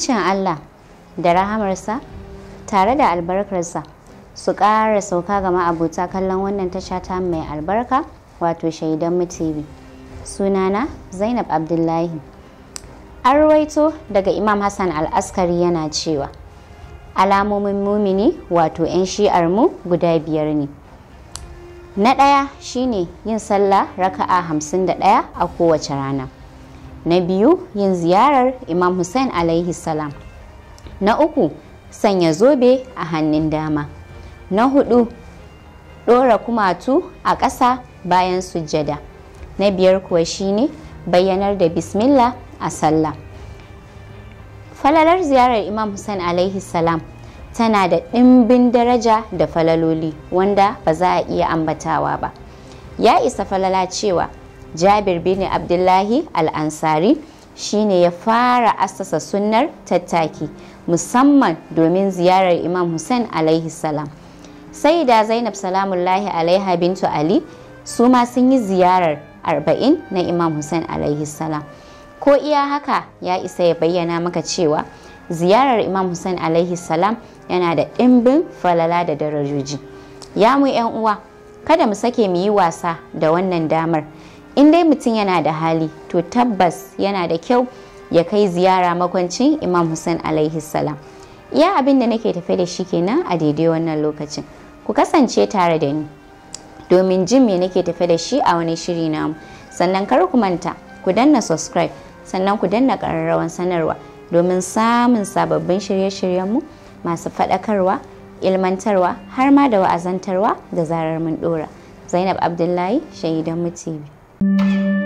Amincin Allah da rahamarsa tare da albarkarsa su ƙara sauka ga ma'abota kallon wannan tasha ta mai albarka wato shaidan mu TV. Sunana Zainab Abdullahi. arwaito daga Imam Hassan Al-Askari yana cewa alamomin mumini wato 'yan shi'ar mu guda biyar ne. Na ɗaya shine yin sallah raka'a hamsin da ɗaya a kowace rana. na biyu yin ziyarar imam hussein alaihi salam na uku sanya zobe a hannun dama na hudu ɗora kumatu a ƙasa bayan sujjada na biyar kuwa shine bayyanar da bismillah a sallah falalar ziyarar imam hussein alaihi salam tana da ɗimbin daraja da falaloli wanda ba za a iya ambatawa ba ya isa falala cewa jabir bin abdullahi al'ansari shine ya fara asasa sunnar tattaki musamman domin ziyarar imam hussein alaihi salam sai da zainab salamullahi alaiha bintu ali su ma sun yi ziyarar arba'in na imam hussein alaihi salam ko iya haka ya isa ya bayyana maka cewa ziyarar imam hussein alaihi salam yana da ɗimbin falala da darajoji ya mu 'yan uwa kada mu sake mu yi wasa da wannan damar in dai mutum yana da hali to tabbas yana da kyau ya kai ziyara makwancin imam hussein alaihi salam iya abin da nake tafe da shi kenan a daidai wannan lokacin ku kasance tare da ni domin jin me nake tafe da shi a wani shiri namu sannan kar ku manta ku danna subscribe sannan ku danna ƙararrawan sanarwa domin samun sababbin shirye-shiryenmu masu faɗakarwa ilmantarwa har ma da wa'azantarwa da zarar mun ɗora zainab abdullahi shaidan mu thank you